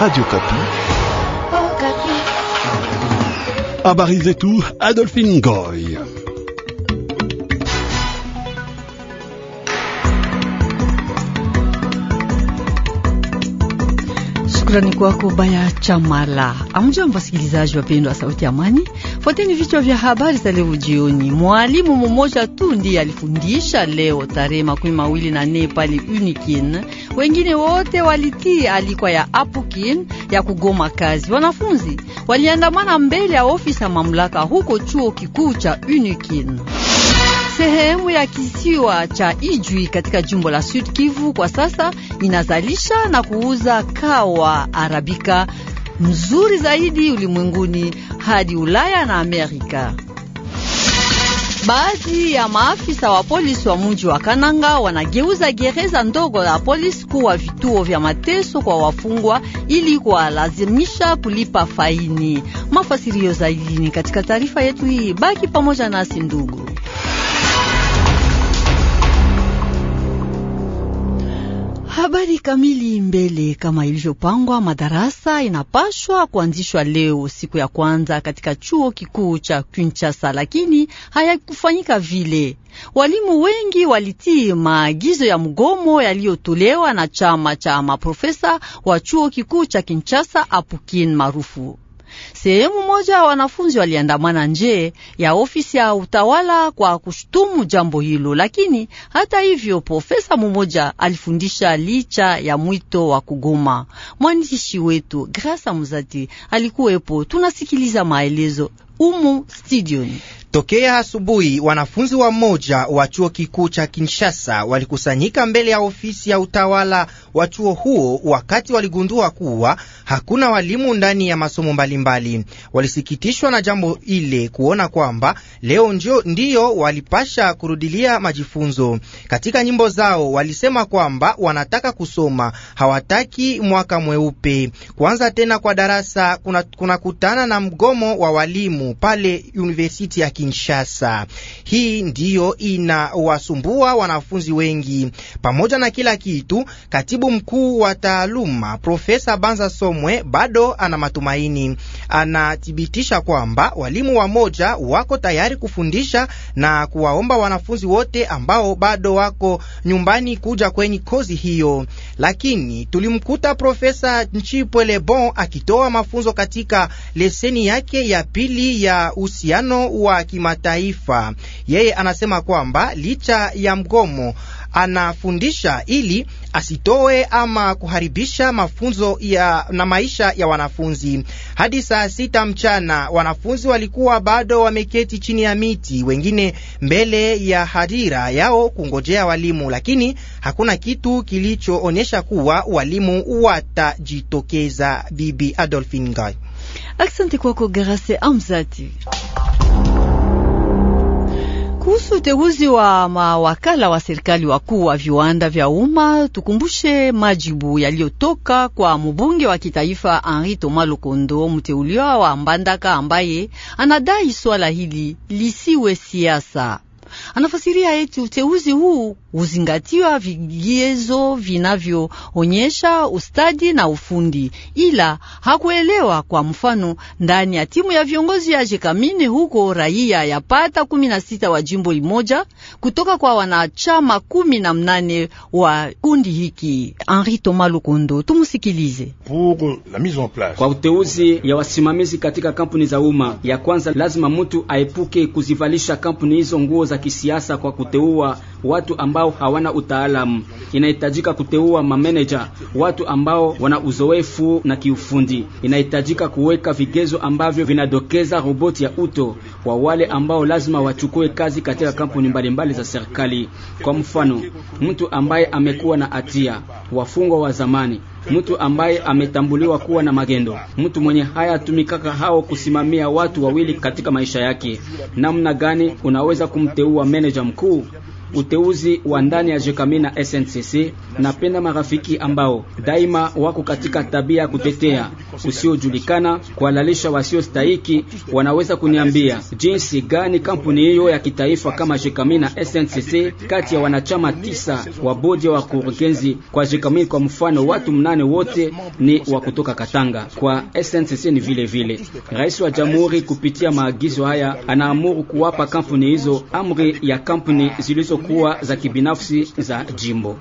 Radio Kapi. Habari zetu Adolphine Ngoy. ni kwako Baya Chamala. Amjambo wasikilizaji wapendwa wa Sauti ya Amani, fuateni vichwa vya habari za leo jioni. Mwalimu mmoja tu ndiye alifundisha leo tarehe makumi mawili na nne pale Unikin, wengine wote walitii alikwa ya Apukin ya kugoma kazi. Wanafunzi waliandamana mbele ya ofisi ya mamlaka huko chuo kikuu cha Unikin. Sehemu ya kisiwa cha Ijwi katika jimbo la Sud Kivu kwa sasa inazalisha na kuuza kawa arabika mzuri zaidi ulimwenguni hadi Ulaya na Amerika. Baadhi ya maafisa wa polisi wa mji wa Kananga wanageuza gereza ndogo la polisi kuwa vituo vya mateso kwa wafungwa ili kuwalazimisha kulipa faini. Mafasirio zaidi ni katika taarifa yetu hii, baki pamoja nasi ndugu. Habari kamili mbele. Kama ilivyopangwa, madarasa inapashwa kuanzishwa leo siku ya kwanza katika chuo kikuu cha Kinshasa, lakini hayakufanyika vile. Walimu wengi walitii maagizo ya mgomo yaliyotolewa na chama cha maprofesa wa chuo kikuu cha Kinshasa, Apukin maarufu Sehemu moja wanafunzi waliandamana nje ya ofisi ya utawala kwa kushutumu jambo hilo, lakini hata hivyo profesa mmoja alifundisha licha ya mwito wa kugoma. Mwandishi wetu Grasa Mzati alikuwepo, tunasikiliza maelezo umu studioni. Tokea asubuhi wanafunzi wa moja wa chuo kikuu cha Kinshasa walikusanyika mbele ya ofisi ya utawala wa chuo huo, wakati waligundua kuwa hakuna walimu ndani ya masomo mbalimbali. Walisikitishwa na jambo ile kuona kwamba leo ndio, ndiyo walipasha kurudilia majifunzo. Katika nyimbo zao walisema kwamba wanataka kusoma, hawataki mwaka mweupe. Kuanza tena kwa darasa kunakutana kuna na mgomo wa walimu pale universiti ya Kinshasa. Hii ndiyo inawasumbua wanafunzi wengi. Pamoja na kila kitu, katibu mkuu wa taaluma Profesa Banza Somo Chomwe bado ana matumaini. Anathibitisha kwamba walimu wa moja wako tayari kufundisha na kuwaomba wanafunzi wote ambao bado wako nyumbani kuja kwenye kozi hiyo. Lakini tulimkuta Profesa Nchipwele Lebon akitoa mafunzo katika leseni yake ya pili ya uhusiano wa kimataifa. Yeye anasema kwamba licha ya mgomo anafundisha ili asitoe ama kuharibisha mafunzo ya na maisha ya wanafunzi. Hadi saa sita mchana wanafunzi walikuwa bado wameketi chini ya miti, wengine mbele ya hadira yao kungojea walimu, lakini hakuna kitu kilichoonyesha kuwa walimu watajitokeza. Bibi adolfin Ngai. Asante kwako Garase Amzati. Kuhusu uteuzi wa mawakala wa serikali wakuu wa viwanda vya umma, tukumbushe majibu yaliyotoka kwa mbunge wa kitaifa Henri Thomas Lokondo, mteuliwa wa Mbandaka, ambaye anadai swala hili lisiwe siasa. Anafasiria eti uteuzi huu huzingatiwa vigezo vinavyoonyesha ustadi na ufundi, ila hakuelewa. Kwa mfano, ndani ya timu ya viongozi ya Jekamine huko raia yapata kumi na sita wa jimbo limoja kutoka kwa wanachama kumi na mnane wa kundi hiki. Henri Thomas Lukondo, tumusikilize. Kwa uteuzi ya wasimamizi katika kampuni za umma, ya kwanza lazima mtu aepuke kuzivalisha kampuni hizo nguo za kisiasa kwa kuteua watu ambao ambao hawana utaalamu. Inahitajika kuteua mameneja, watu ambao wana uzoefu na kiufundi. Inahitajika kuweka vigezo ambavyo vinadokeza roboti ya uto kwa wale ambao lazima wachukue kazi katika kampuni mbalimbali za serikali. Kwa mfano, mtu ambaye amekuwa na hatia, wafungwa wa zamani mtu ambaye ametambuliwa kuwa na magendo, mtu mwenye haya tumikaka hao kusimamia watu wawili katika maisha yake. Namna gani unaweza kumteua meneja mkuu? uteuzi wa ndani ya Jekami na SNCC. Napenda marafiki ambao daima wako katika tabia ya kutetea usiojulikana, kuhalalisha wasiostahiki. Wanaweza kuniambia jinsi gani kampuni hiyo ya kitaifa kama Jekami na SNCC, kati ya wanachama tisa wa bodi ya wakurugenzi kwa Jekami kwa mfano, watu mnane wote ni wa kutoka Katanga. Kwa SNCC ni vile vile. Rais wa Jamhuri kupitia maagizo haya anaamuru kuwapa kampuni hizo amri ya kampuni zilizo kuwa za kibinafsi za jimbo.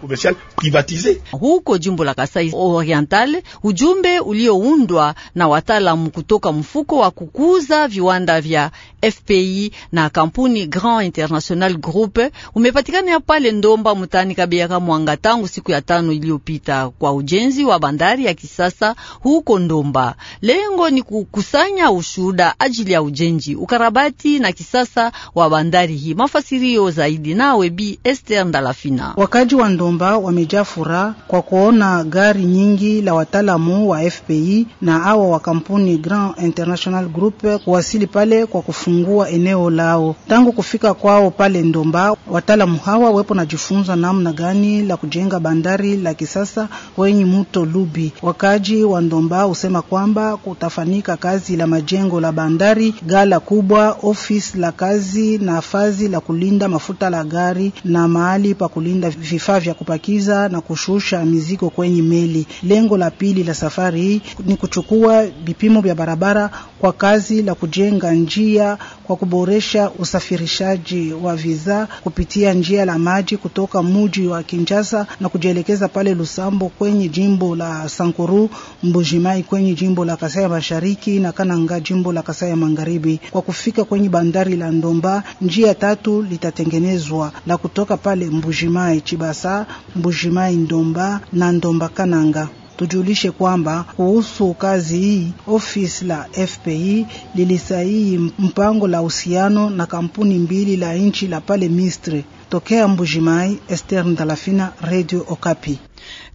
Huko jimbo la Kasai Oriental, ujumbe ulioundwa na wataalamu kutoka mfuko wa kukuza viwanda vya FPI na kampuni Grand International Group umepatikana ya pale Ndomba mutani Kabeyaka Mwanga tangu siku ya tano iliyopita kwa ujenzi wa bandari ya kisasa huko Ndomba. Lengo ni kukusanya ushuda ajili ya ujenzi, ukarabati na kisasa wa bandari hii. Mafasirio zaidi nawe Bi Esther Ndalafina. Wakaji wa Ndomba wamejaa furaha kwa kuona gari nyingi la wataalamu wa FPI na awa wa kampuni Grand International Group kuwasili pale kwa kufungua eneo lao. Tangu kufika kwao pale Ndomba, wataalamu hawa wepo najifunza namna gani la kujenga bandari la kisasa kwenye mto Lubi. Wakaji wa Ndomba husema kwamba kutafanika kazi la majengo la bandari, gala kubwa, ofisi la kazi na fazi la kulinda mafuta la gari bandari na mahali pa kulinda vifaa vya kupakiza na kushusha mizigo kwenye meli. Lengo la pili la safari hii ni kuchukua vipimo vya barabara kwa kazi la kujenga njia kwa kuboresha usafirishaji wa bidhaa kupitia njia la maji kutoka muji wa Kinshasa na kujielekeza pale Lusambo kwenye jimbo la Sankuru, Mbujimai kwenye jimbo la Kasai Mashariki na Kananga jimbo la Kasai Magharibi. Kwa kufika kwenye bandari la Ndomba, njia tatu litatengenezwa na kutoka pale Mbujimai Chibasa, Mbujimai Ndomba na Ndomba Kananga. Tujulishe kwamba kuhusu kazi hii, ofisi la FPI lilisahihi mpango la uhusiano na kampuni mbili la nchi la pale Misri. Tokea Mbujimai, Esther Ndalafina, Radio Okapi.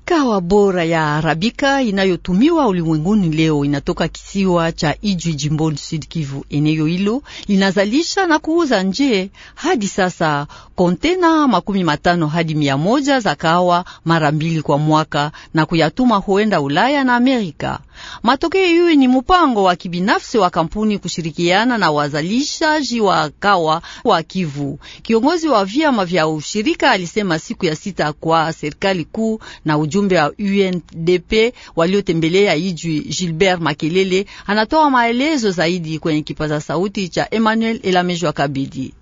Kawa bora ya arabika inayotumiwa ulimwenguni leo inatoka kisiwa cha Ijwi jimboni Sud Kivu. Eneo hilo linazalisha na kuuza nje hadi sasa kontena makumi matano hadi mia moja za kawa mara mbili kwa mwaka na kuyatuma huenda Ulaya na Amerika. Matokeo hiyo ni mpango wa kibinafsi wa kampuni kushirikiana na wazalishaji wa kawa wa Kivu. Kiongozi wa vyama vya ushirika alisema siku ya sita kwa serikali kuu na ujumu wajumbe wa UNDP waliotembelea Ijwi Gilbert Makelele anatoa maelezo zaidi kwenye kipaza sauti cha Emmanuel Elamejwa Kabidi.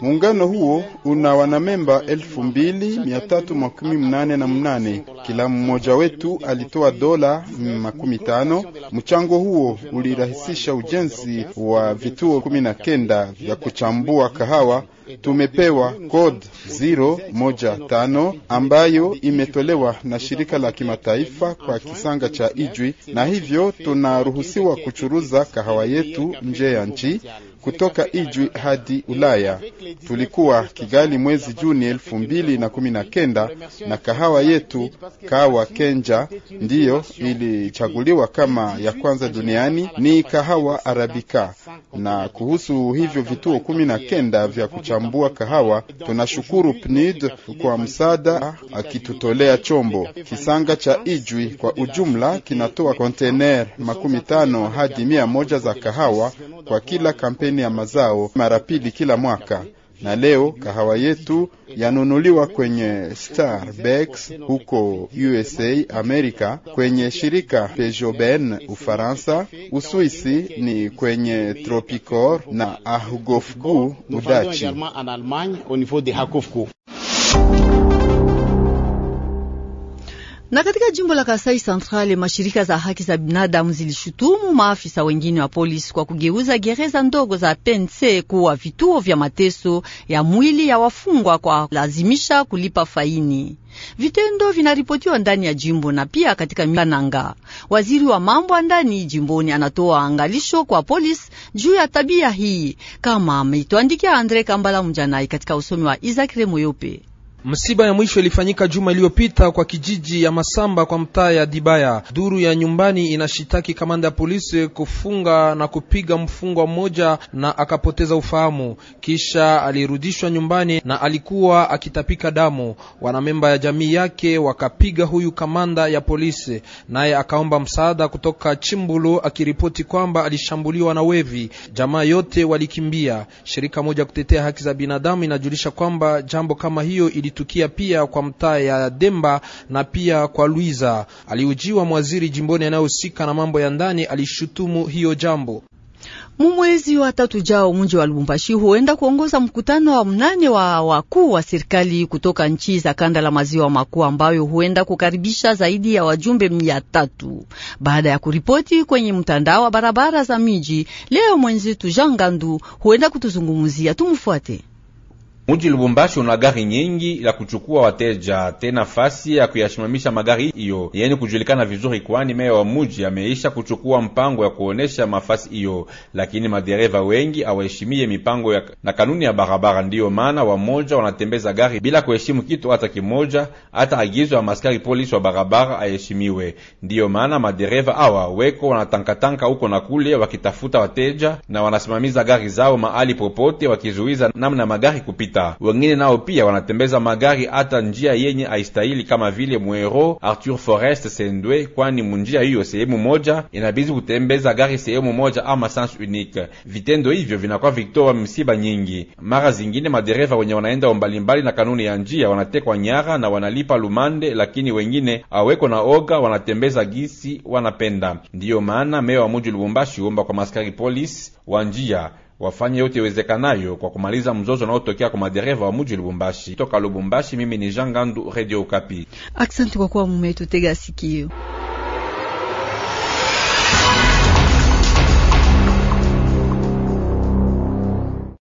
Muungano huo una wanamemba elfu mbili mia tatu makumi mnane na mnane. Kila mmoja wetu alitoa dola makumi tano. Mchango huo ulirahisisha ujenzi wa vituo kumi na kenda vya kuchambua kahawa tumepewa code 015 ambayo imetolewa na shirika la kimataifa kwa kisanga cha Ijwi, na hivyo tunaruhusiwa kuchuruza kahawa yetu nje ya nchi kutoka Ijwi hadi Ulaya. Tulikuwa Kigali mwezi Juni elfu mbili na kumi na kenda na kahawa yetu kahawa Kenja ndiyo ilichaguliwa kama ya kwanza duniani, ni kahawa Arabika. Na kuhusu hivyo vituo kumi na kenda vya kuchambua kahawa. Tunashukuru PNID kwa msaada akitutolea chombo. Kisanga cha Ijwi kwa ujumla kinatoa kontener makumi tano hadi mia moja za kahawa kwa kila kampeni ya mazao mara pili kila mwaka na leo kahawa yetu yanunuliwa kwenye Starbucks huko USA Amerika, kwenye shirika Pejoben Ufaransa, Uswisi ni kwenye Tropicor na Ahugofgu Udachi. Na katika jimbo la Kasai Centrale, mashirika za haki za binadamu zilishutumu maafisa wengine wa polisi kwa kugeuza gereza ndogo za PNC kuwa vituo vya mateso ya mwili ya wafungwa kwa lazimisha kulipa faini. Vitendo vinaripotiwa ndani ya jimbo na pia katika Kananga. Waziri wa mambo ya ndani jimboni anatoa angalisho kwa polisi juu ya tabia hii, kama ameitwandikia Andre Kambala Mjanai katika usomi wa Isaac Remoyope. Msiba ya mwisho ilifanyika juma iliyopita kwa kijiji ya Masamba kwa mtaa ya Dibaya. Duru ya nyumbani inashitaki kamanda ya polisi kufunga na kupiga mfungwa mmoja na akapoteza ufahamu, kisha alirudishwa nyumbani na alikuwa akitapika damu. Wanamemba ya jamii yake wakapiga huyu kamanda ya polisi, naye akaomba msaada kutoka chimbulu akiripoti kwamba alishambuliwa na wevi. Jamaa yote walikimbia. Shirika moja kutetea haki za binadamu inajulisha kwamba jambo kama hiyo ili ilitukia pia kwa mtaa ya Demba na pia kwa Luiza. Aliujiwa mwaziri jimboni anayehusika na mambo ya ndani alishutumu hiyo jambo. Mumwezi wa tatu jao mji wa Lubumbashi huenda kuongoza mkutano wa mnane wa wakuu wa serikali kutoka nchi za kanda la maziwa makuu ambayo huenda kukaribisha zaidi ya wajumbe mia tatu. Baada ya kuripoti kwenye mtandao wa barabara za miji, leo mwenzetu Jean Gandu huenda kutuzungumzia, tumfuate. Muji Lubumbashi una gari nyingi la kuchukua wateja, tena fasi ya kuyashimamisha magari hiyo yeni kujulikana vizuri, kwani meya wa muji ameisha kuchukua mpango ya kuonesha mafasi hiyo, lakini madereva wengi awaheshimie mipango ya na kanuni ya barabara. Ndiyo maana wamoja wanatembeza gari bila kuheshimu kitu hata kimoja, hata agizo ya maskari polisi wa barabara aheshimiwe. Ndiyo maana madereva awa weko wanatankatanka huko na kule, wakitafuta wateja na wanasimamiza gari zao mahali popote, wakizuiza namna magari kupita kupita. Wengine nao pia wanatembeza magari hata njia yenye aistahili, kama vile Mwero Arthur Forest Sendwe, kwani munjia hiyo sehemu moja inabidi kutembeza gari sehemu moja ama sens unique. Vitendo hivyo vinakuwa victor wa msiba nyingi. Mara zingine madereva wenye wanaenda mbalimbali na kanuni ya njia wanatekwa nyara na wanalipa lumande, lakini wengine aweko na oga wanatembeza gisi wanapenda. Ndiyo maana meya wa muji Lubumbashi kwa maskari polisi wa njia wafanye yote iwezekanayo kwa kumaliza mzozo unaotokea kwa madereva wa muji Lubumbashi. Toka Lubumbashi, mimi ni Jean Gandu, Radio Okapi. Asante kwa kuwa mumetutega sikio.